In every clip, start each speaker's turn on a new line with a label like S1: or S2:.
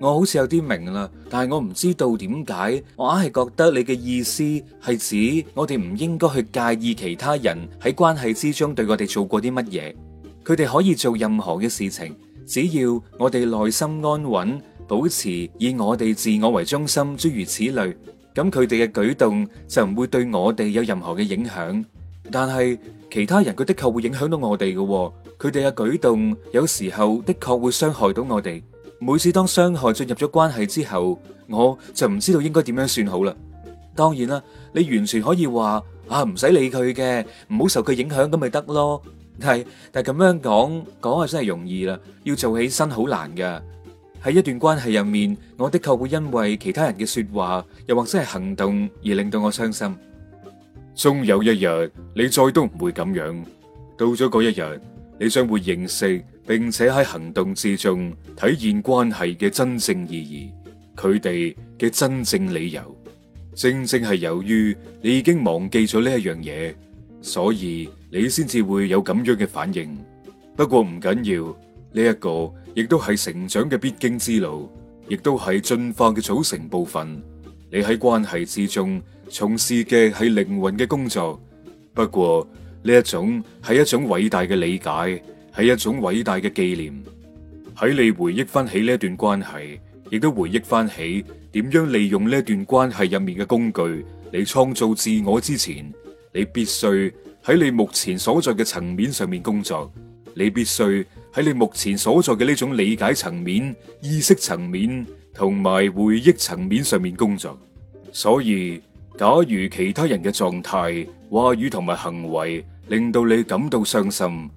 S1: 我好似有啲明啦，但係我唔知道點解，我硬係覺得你嘅意思係指我哋唔應該去介意其他人喺關係之中對我哋做過啲乜嘢。佢哋可以做任何嘅事情，只要我哋內心安穩，保持以我哋自我為中心，諸如此類。咁佢哋嘅舉動就唔會對我哋有任何嘅影響。但係其他人，佢的確會影響到我哋嘅，佢哋嘅舉動有時候的確會傷害到我哋。每次當傷害進入咗關係之後，我就唔知道應該點樣算好啦。當然啦，你完全可以話啊，唔使理佢嘅，唔好受佢影響咁咪得咯。但係但係咁樣講講啊，真係容易啦，要做起身好難噶。喺一段關係入面，我的確會因為其他人嘅說話，又或者係行動而令到我傷心。終有一日，你再都唔會咁樣。到咗嗰一日，你將會認識。並且喺行動之中體現關係嘅真正意義，佢哋嘅真正理由，正正係由於你已經忘記咗呢一樣嘢，所以你先至會有咁樣嘅反應。不過唔緊要，呢一個亦都係成長嘅必經之路，亦都係進化嘅組成部分。你喺關係之中從事嘅係靈魂嘅工作，不過呢一種係一種偉大嘅理解。係一種偉大嘅紀念，喺你回憶翻起呢段關係，亦都回憶翻起點樣利用呢段關係入面嘅工具嚟創造自我之前，你必須喺你目前所在嘅層面上面工作，你必須喺你目前所在嘅呢種理解層面、意識層面同埋回憶層面上面工作。所以，假如其他人嘅狀態、話語同埋行為令到你感到傷心。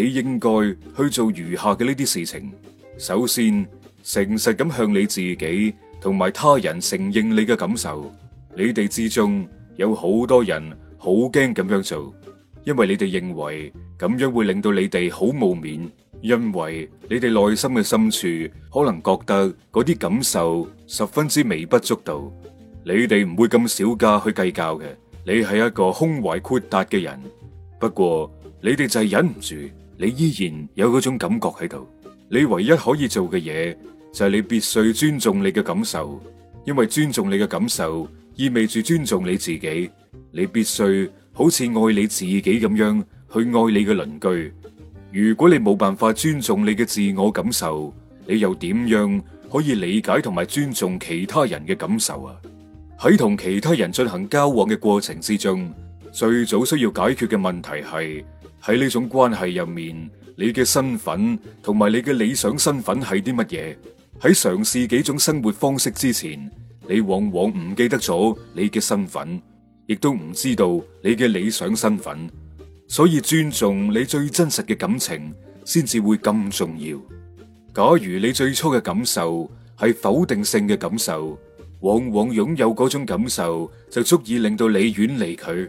S1: 你應該去做餘下嘅呢啲事情。首先，誠實咁向你自己同埋他人承認你嘅感受。你哋之中有好多人好驚咁樣做，因為你哋認為咁樣會令到你哋好冇面。因為你哋內心嘅深處可能覺得嗰啲感受十分之微不足道，你哋唔會咁小家去計較嘅。你係一個胸懷豁達嘅人，不過你哋就係忍唔住。你依然有嗰種感覺喺度，你唯一可以做嘅嘢就係你必須尊重你嘅感受，因為尊重你嘅感受意味住尊重你自己。你必須好似愛你自己咁樣去愛你嘅鄰居。如果你冇辦法尊重你嘅自我感受，你又點樣可以理解同埋尊重其他人嘅感受啊？喺同其他人進行交往嘅過程之中，最早需要解決嘅問題係。喺呢種關係入面，你嘅身份同埋你嘅理想身份係啲乜嘢？喺嘗試幾種生活方式之前，你往往唔記得咗你嘅身份，亦都唔知道你嘅理想身份。所以尊重你最真實嘅感情，先至會咁重要。假如你最初嘅感受係否定性嘅感受，往往擁有嗰種感受就足以令到你遠離佢。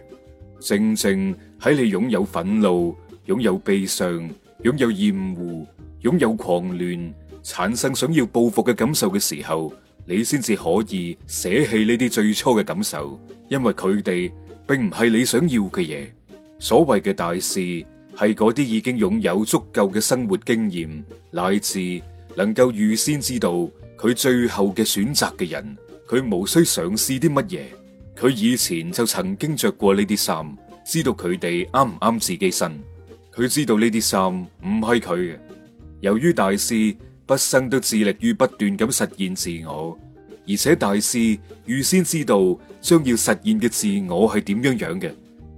S1: 正正。喺你擁有憤怒、擁有悲傷、擁有厭惡、擁有狂亂，產生想要報復嘅感受嘅時候，你先至可以捨棄呢啲最初嘅感受，因為佢哋並唔係你想要嘅嘢。所謂嘅大事係嗰啲已經擁有足夠嘅生活經驗，乃至能夠預先知道佢最後嘅選擇嘅人，佢無需嘗試啲乜嘢，佢以前就曾經着過呢啲衫。知道佢哋啱唔啱自己身，佢知道呢啲衫唔係佢嘅。由於大師畢生都致力於不斷咁實現自我，而且大師預先知道將要實現嘅自我係點樣樣嘅，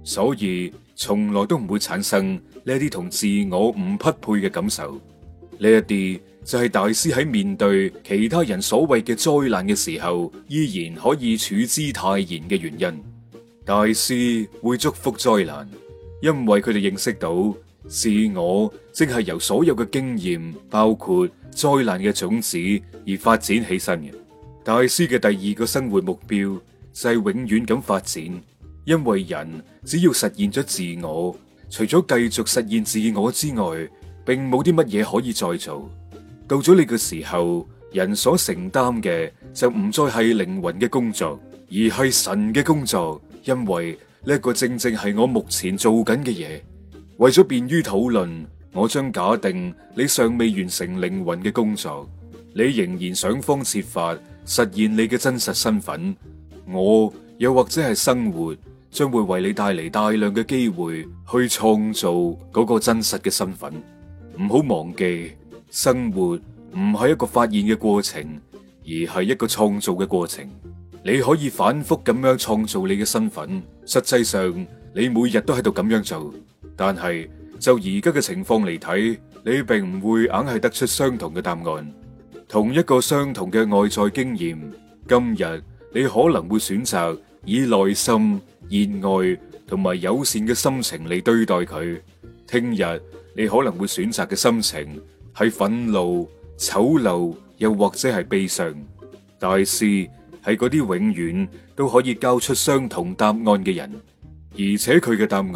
S1: 所以從來都唔會產生呢啲同自我唔匹配嘅感受。呢一啲就係大師喺面對其他人所謂嘅災難嘅時候，依然可以處之泰然嘅原因。大師會祝福災難，因為佢哋認識到自我正係由所有嘅經驗，包括災難嘅種子而發展起身嘅。大師嘅第二個生活目標就係永遠咁發展，因為人只要實現咗自我，除咗繼續實現自我之外，並冇啲乜嘢可以再做。到咗呢個時候，人所承擔嘅就唔再係靈魂嘅工作，而係神嘅工作。因為呢個正正係我目前做緊嘅嘢，為咗便於討論，我將假定你尚未完成靈魂嘅工作，你仍然想方設法實現你嘅真實身份。我又或者係生活將會為你帶嚟大量嘅機會去創造嗰個真實嘅身份。唔好忘記，生活唔係一個發現嘅過程，而係一個創造嘅過程。你可以反覆咁樣創造你嘅身份，實際上你每日都喺度咁樣做，但係就而家嘅情況嚟睇，你並唔會硬係得出相同嘅答案。同一個相同嘅外在經驗，今日你可能會選擇以耐心、熱愛同埋友善嘅心情嚟對待佢，聽日你可能會選擇嘅心情係憤怒、醜陋又或者係悲傷，大師。係嗰啲永遠都可以交出相同答案嘅人，而且佢嘅答案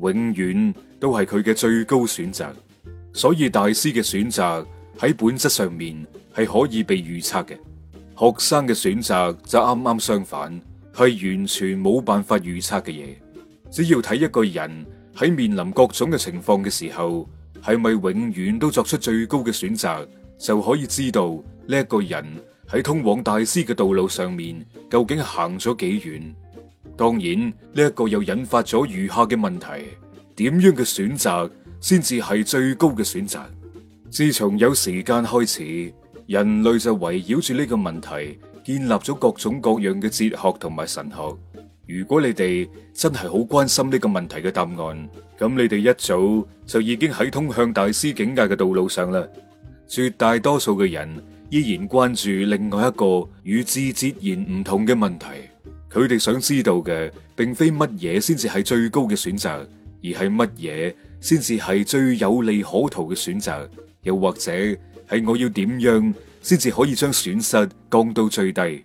S1: 永遠都係佢嘅最高選擇。所以大師嘅選擇喺本質上面係可以被預測嘅。學生嘅選擇就啱啱相反，係完全冇辦法預測嘅嘢。只要睇一個人喺面臨各種嘅情況嘅時候，係咪永遠都作出最高嘅選擇，就可以知道呢一個人。喺通往大師嘅道路上面，究竟行咗幾遠？當然呢一個又引發咗如下嘅問題：點樣嘅選擇先至係最高嘅選擇？自從有時間開始，人類就圍繞住呢個問題建立咗各種各樣嘅哲學同埋神學。如果你哋真係好關心呢個問題嘅答案，咁你哋一早就已經喺通向大師境界嘅道路上啦。絕大多數嘅人，依然關注另外一個與之截然唔同嘅問題，佢哋想知道嘅並非乜嘢先至係最高嘅選擇，而係乜嘢先至係最有利可圖嘅選擇，又或者係我要點樣先至可以將損失降到最低？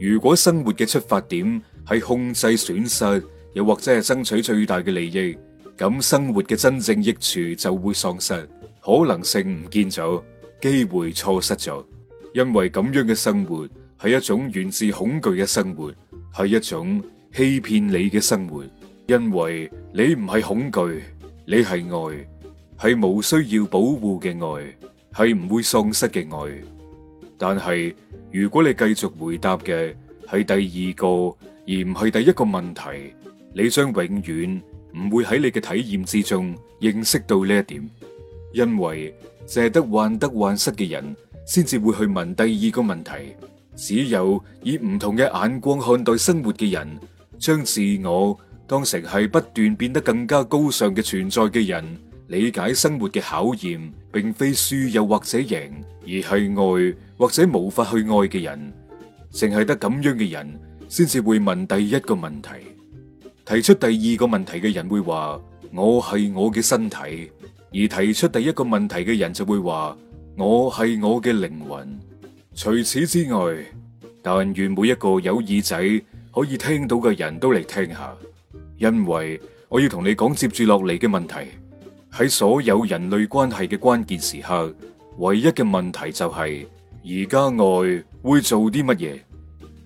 S1: 如果生活嘅出發點係控制損失，又或者係爭取最大嘅利益，咁生活嘅真正益處就會喪失，可能性唔見咗，機會錯失咗。因為咁樣嘅生活係一種源自恐懼嘅生活，係一種欺騙你嘅生活。因為你唔係恐懼，你係愛，係無需要保護嘅愛，係唔會喪失嘅愛。但係如果你繼續回答嘅係第二個，而唔係第一個問題，你將永遠唔會喺你嘅體驗之中認識到呢一點。因為淨係得患得患失嘅人，先至會去問第二個問題。只有以唔同嘅眼光看待生活嘅人，將自我當成係不斷變得更加高尚嘅存在嘅人，理解生活嘅考驗，並非輸又或者贏，而係愛或者無法去愛嘅人。淨係得咁樣嘅人，先至會問第一個問題。提出第二個問題嘅人會話：我係我嘅身體。而提出第一個問題嘅人就會話：我係我嘅靈魂。除此之外，但願每一個有耳仔可以聽到嘅人都嚟聽下，因為我要同你講接住落嚟嘅問題。喺所有人類關係嘅關鍵時刻，唯一嘅問題就係而家愛會做啲乜嘢？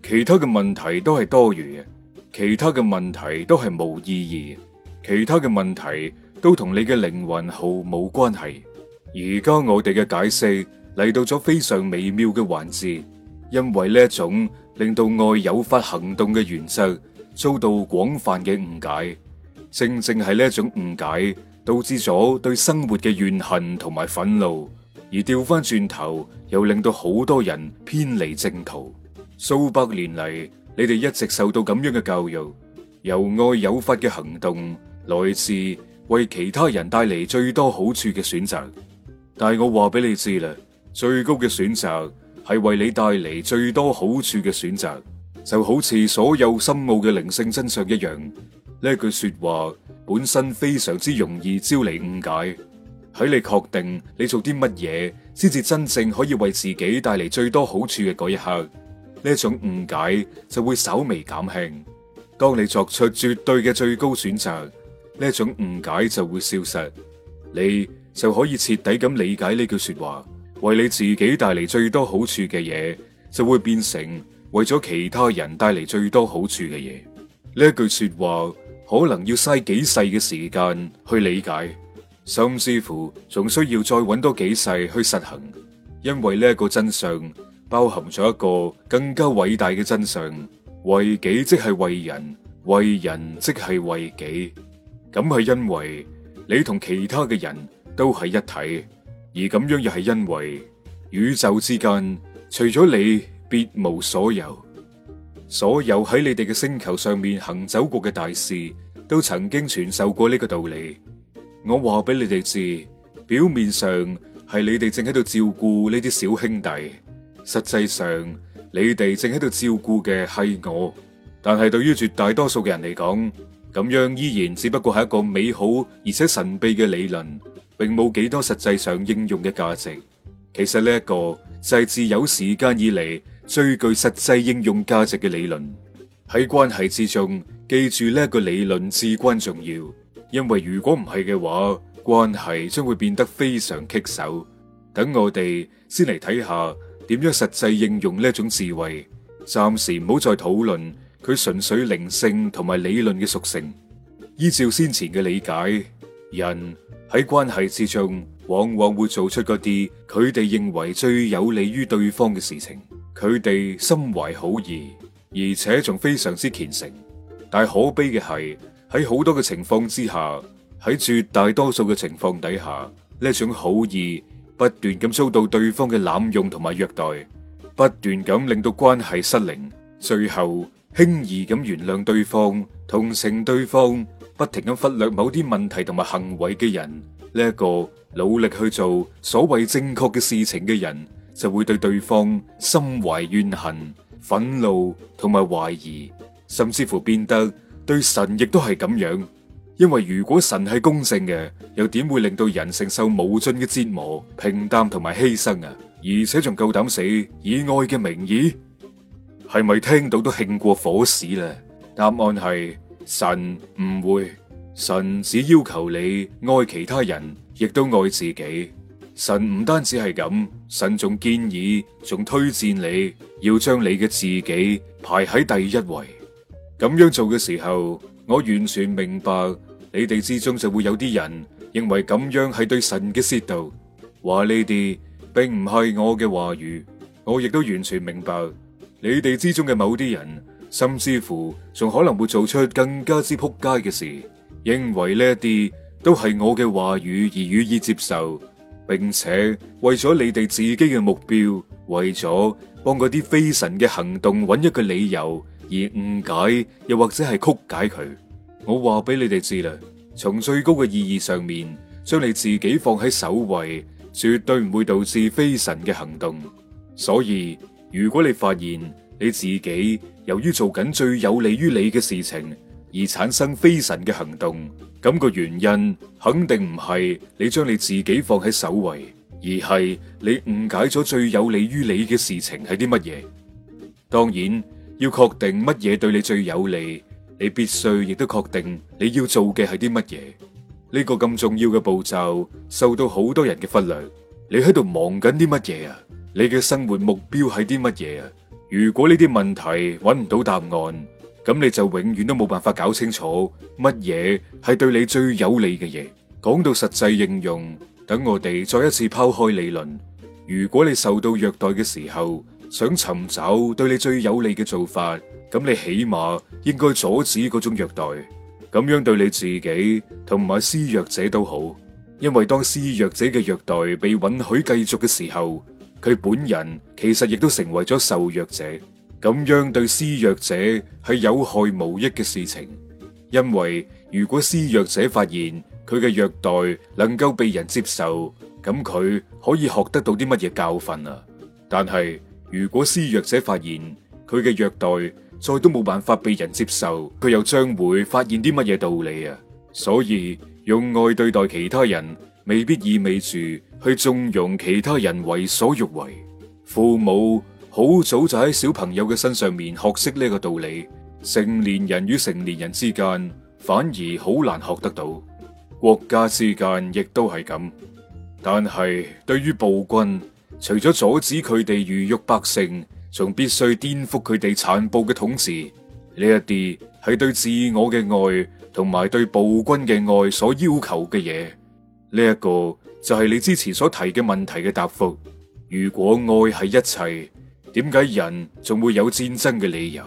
S1: 其他嘅問題都係多餘嘅，其他嘅問題都係冇意義，其他嘅問題，都同你嘅靈魂毫無關係。而家我哋嘅解釋嚟到咗非常微妙嘅環節，因為呢一種令到愛有法行動嘅原則遭到廣泛嘅誤解，正正係呢一種誤解導致咗對生活嘅怨恨同埋憤怒，而調翻轉頭又令到好多人偏離正途。數百年嚟，你哋一直受到咁樣嘅教育，由愛有法嘅行動來自。為其他人帶嚟最多好處嘅選擇，但係我話俾你知啦，最高嘅選擇係為你帶嚟最多好處嘅選擇，就好似所有深奧嘅靈性真相一樣。呢句說話本身非常之容易招嚟誤解。喺你確定你做啲乜嘢先至真正可以為自己帶嚟最多好處嘅嗰一刻，呢一種誤解就會稍微減輕。當你作出絕對嘅最高選擇。呢一種誤解就會消失，你就可以徹底咁理解呢句說話，為你自己帶嚟最多好處嘅嘢，就會變成為咗其他人帶嚟最多好處嘅嘢。呢句說話可能要嘥幾世嘅時間去理解，甚至乎仲需要再搵多幾世去實行，因為呢一個真相包含咗一個更加偉大嘅真相：為己即係為人，為人即係為己。咁係因為你同其他嘅人都係一體，而咁樣又係因為宇宙之間除咗你別無所有。所有喺你哋嘅星球上面行走過嘅大使，都曾經傳授過呢個道理。我話俾你哋知，表面上係你哋正喺度照顧呢啲小兄弟，實際上你哋正喺度照顧嘅係我。但係對於絕大多數嘅人嚟講，咁樣依然只不過係一個美好而且神秘嘅理論，並冇幾多實際上應用嘅價值。其實呢一個就係自有時間以嚟最具實際應用價值嘅理論。喺關係之中，記住呢一個理論至關重要，因為如果唔係嘅話，關係將會變得非常棘手。等我哋先嚟睇下點樣實際應用呢一種智慧。暫時唔好再討論。佢純粹靈性同埋理論嘅屬性，依照先前嘅理解，人喺關係之中，往往會做出嗰啲佢哋認為最有利於對方嘅事情。佢哋心懷好意，而且仲非常之虔誠。但可悲嘅係，喺好多嘅情況之下，喺絕大多數嘅情況底下，呢一種好意不斷咁遭到對方嘅濫用同埋虐待，不斷咁令到關係失靈，最後。輕易咁原諒對方、同情對方、不停咁忽略某啲問題同埋行為嘅人，呢一個努力去做所謂正確嘅事情嘅人，就會對對方心懷怨恨、憤怒同埋懷疑，甚至乎變得對神亦都係咁樣。因為如果神係公正嘅，又點會令到人承受無盡嘅折磨、平淡同埋犧牲啊？而且仲夠膽死以愛嘅名義。係咪聽到都慶過火屎啦？答案係神唔會，神只要求你愛其他人，亦都愛自己。神唔單止係咁，神仲建議，仲推薦你要將你嘅自己排喺第一位。咁樣做嘅時候，我完全明白你哋之中就會有啲人認為咁樣係對神嘅褻瀆。話呢啲並唔係我嘅話語，我亦都完全明白。你哋之中嘅某啲人，甚至乎仲可能會做出更加之扑街嘅事，認為呢一啲都係我嘅話語而予以接受，並且為咗你哋自己嘅目標，為咗幫嗰啲非神嘅行動揾一個理由而誤解，又或者係曲解佢。我話俾你哋知啦，從最高嘅意義上面，將你自己放喺首位，絕對唔會導致非神嘅行動，所以。如果你發現你自己由於做緊最有利於你嘅事情而產生非神嘅行動，咁個原因肯定唔係你將你自己放喺首位，而係你誤解咗最有利於你嘅事情係啲乜嘢。當然要確定乜嘢對你最有利，你必須亦都確定你要做嘅係啲乜嘢。呢個咁重要嘅步驟受到好多人嘅忽略。你喺度忙緊啲乜嘢啊？你嘅生活目標係啲乜嘢啊？如果呢啲問題揾唔到答案，咁你就永遠都冇辦法搞清楚乜嘢係對你最有利嘅嘢。講到實際應用，等我哋再一次拋開理論。如果你受到虐待嘅時候，想尋找對你最有利嘅做法，咁你起碼應該阻止嗰種虐待。咁樣對你自己同埋施虐者都好，因為當施虐者嘅虐待被允許繼續嘅時候。佢本人其實亦都成為咗受虐者，咁樣對施虐者係有害無益嘅事情。因為如果施虐者發現佢嘅虐待能夠被人接受，咁佢可以學得到啲乜嘢教訓啊？但係如果施虐者發現佢嘅虐待再都冇辦法被人接受，佢又將會發現啲乜嘢道理啊？所以用愛對待其他人。未必意味住去縱容其他人為所欲為。父母好早就喺小朋友嘅身上面學識呢個道理，成年人與成年人之間反而好難學得到，國家之間亦都係咁。但係對於暴君，除咗阻止佢哋魚肉百姓，仲必須顛覆佢哋殘暴嘅統治，呢一啲係對自我嘅愛同埋對暴君嘅愛所要求嘅嘢。呢一個就係你之前所提嘅問題嘅答覆如果愛係一切，點解人仲會有戰爭嘅理由？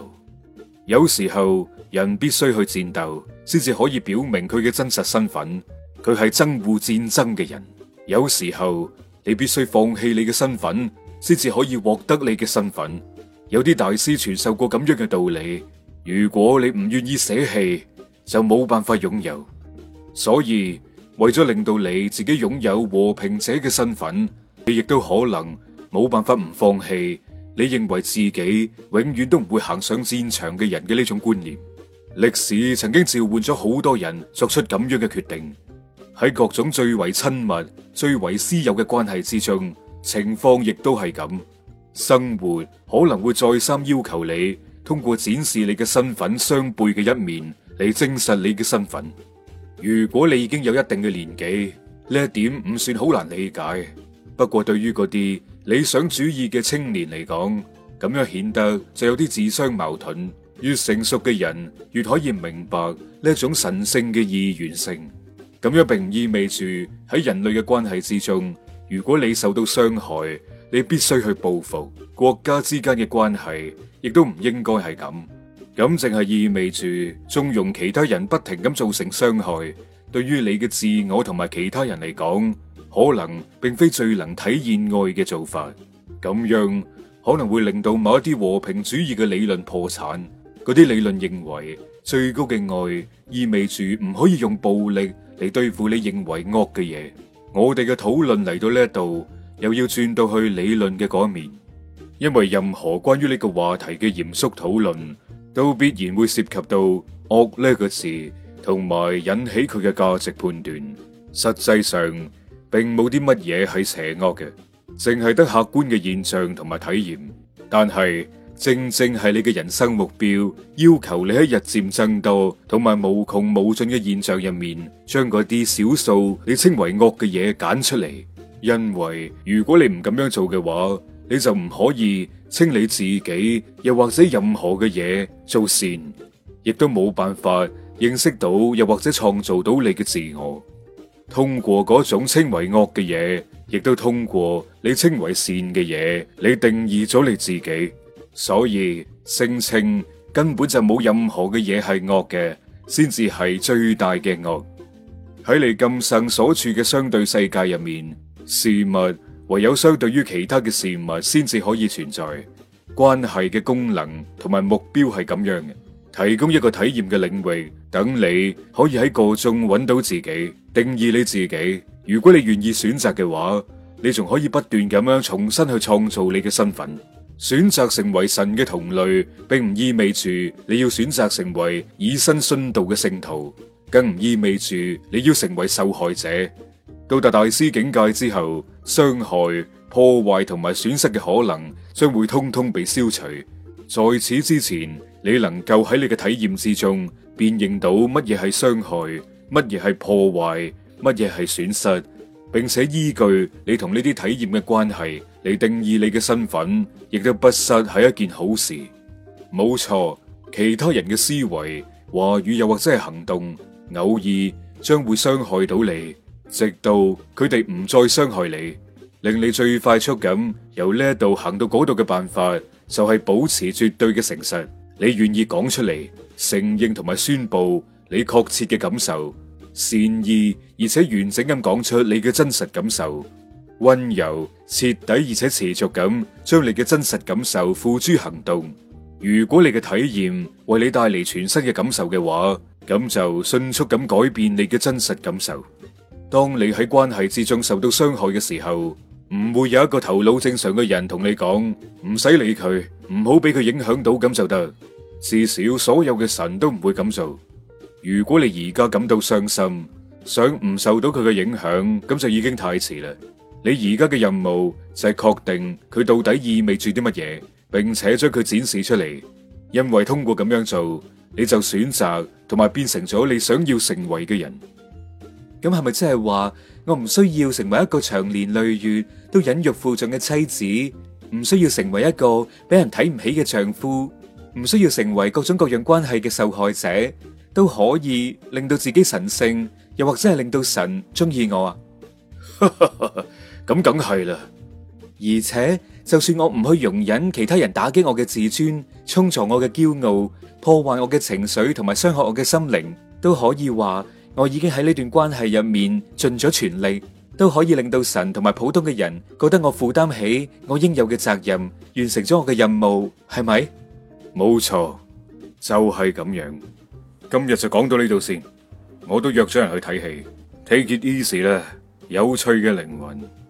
S1: 有時候人必須去戰鬥，先至可以表明佢嘅真實身份。佢係憎惡戰爭嘅人。有時候你必須放棄你嘅身份，先至可以獲得你嘅身份。有啲大師傳授過咁樣嘅道理：如果你唔願意捨棄，就冇辦法擁有。所以。為咗令到你自己擁有和平者嘅身份，你亦都可能冇辦法唔放棄你認為自己永遠都唔會行上戰場嘅人嘅呢種觀念。歷史曾經召喚咗好多人作出咁樣嘅決定，喺各種最為親密、最為私有嘅關係之中，情況亦都係咁。生活可能會再三要求你通過展示你嘅身份相背嘅一面嚟證實你嘅身份。如果你已經有一定嘅年紀，呢一點唔算好難理解。不過對於嗰啲理想主義嘅青年嚟講，咁樣顯得就有啲自相矛盾。越成熟嘅人，越可以明白呢種神聖嘅意願性。咁樣並唔意味住喺人類嘅關係之中，如果你受到傷害，你必須去報復。國家之間嘅關係亦都唔應該係咁。咁淨係意味住縱容其他人不停咁造成傷害，對於你嘅自我同埋其他人嚟講，可能並非最能體現愛嘅做法。咁樣可能會令到某一啲和平主義嘅理論破產。嗰啲理論認為最高嘅愛意味住唔可以用暴力嚟對付你認為惡嘅嘢。我哋嘅討論嚟到呢一度，又要轉到去理論嘅嗰一面，因為任何關於呢個話題嘅嚴肅討論，都必然會涉及到惡呢個字，同埋引起佢嘅價值判斷。實際上並冇啲乜嘢係邪惡嘅，淨係得客觀嘅現象同埋體驗。但係正正係你嘅人生目標要求你喺日漸增多同埋無窮無盡嘅現象入面，將嗰啲少數你稱為惡嘅嘢揀出嚟。因為如果你唔咁樣做嘅話，你就唔可以。清理自己，又或者任何嘅嘢做善，亦都冇辦法認識到，又或者創造到你嘅自我。通過嗰種稱為惡嘅嘢，亦都通過你稱為善嘅嘢，你定義咗你自己。所以聲稱根本就冇任何嘅嘢係惡嘅，先至係最大嘅惡。喺你今生所處嘅相對世界入面，事物。唯有相對於其他嘅事物，先至可以存在。關係嘅功能同埋目標係咁樣嘅，提供一個體驗嘅領域，等你可以喺個中揾到自己，定義你自己。如果你願意選擇嘅話，你仲可以不斷咁樣重新去創造你嘅身份。選擇成為神嘅同類，並唔意味住你要選擇成為以身殉道嘅聖徒，更唔意味住你要成為受害者。到達大師境界之後，傷害、破壞同埋損失嘅可能將會通通被消除。在此之前，你能夠喺你嘅體驗之中辨認到乜嘢係傷害，乜嘢係破壞，乜嘢係損失，並且依據你同呢啲體驗嘅關係嚟定義你嘅身份，亦都不失係一件好事。冇錯，其他人嘅思維、話語又或者係行動，偶爾將會傷害到你。直到佢哋唔再傷害你，令你最快速咁由呢度行到嗰度嘅辦法，就係保持絕對嘅誠實。你願意講出嚟，承認同埋宣布你確切嘅感受，善意而且完整咁講出你嘅真實感受，溫柔徹底而且持續咁將你嘅真實感受付諸行動。如果你嘅體驗為你帶嚟全新嘅感受嘅話，咁就迅速咁改變你嘅真實感受。當你喺關係之中受到傷害嘅時候，唔會有一個頭腦正常嘅人同你講唔使理佢，唔好俾佢影響到咁就得。至少所有嘅神都唔會咁做。如果你而家感到傷心，想唔受到佢嘅影響，咁就已經太遲啦。你而家嘅任務就係確定佢到底意味住啲乜嘢，並且將佢展示出嚟。因為通過咁樣做，你就選擇同埋變成咗你想要成為嘅人。咁係咪真係話我唔需要成為一個長年累月都忍辱負重嘅妻子，唔需要成為一個俾人睇唔起嘅丈夫，唔需要成為各種各樣關係嘅受害者，都可以令到自己神聖，又或者係令到神中意我啊？咁梗係啦，而且就算我唔去容忍其他人打擊我嘅自尊，衝撞我嘅驕傲，破壞我嘅情緒，同埋傷害我嘅心靈，都可以話。我已經喺呢段關係入面盡咗全力，都可以令到神同埋普通嘅人覺得我負擔起我應有嘅責任，完成咗我嘅任務，係咪？冇錯，就係咁樣。今日就講到呢度先。我都約咗人去睇戲，睇結衣時啦，有趣嘅靈魂。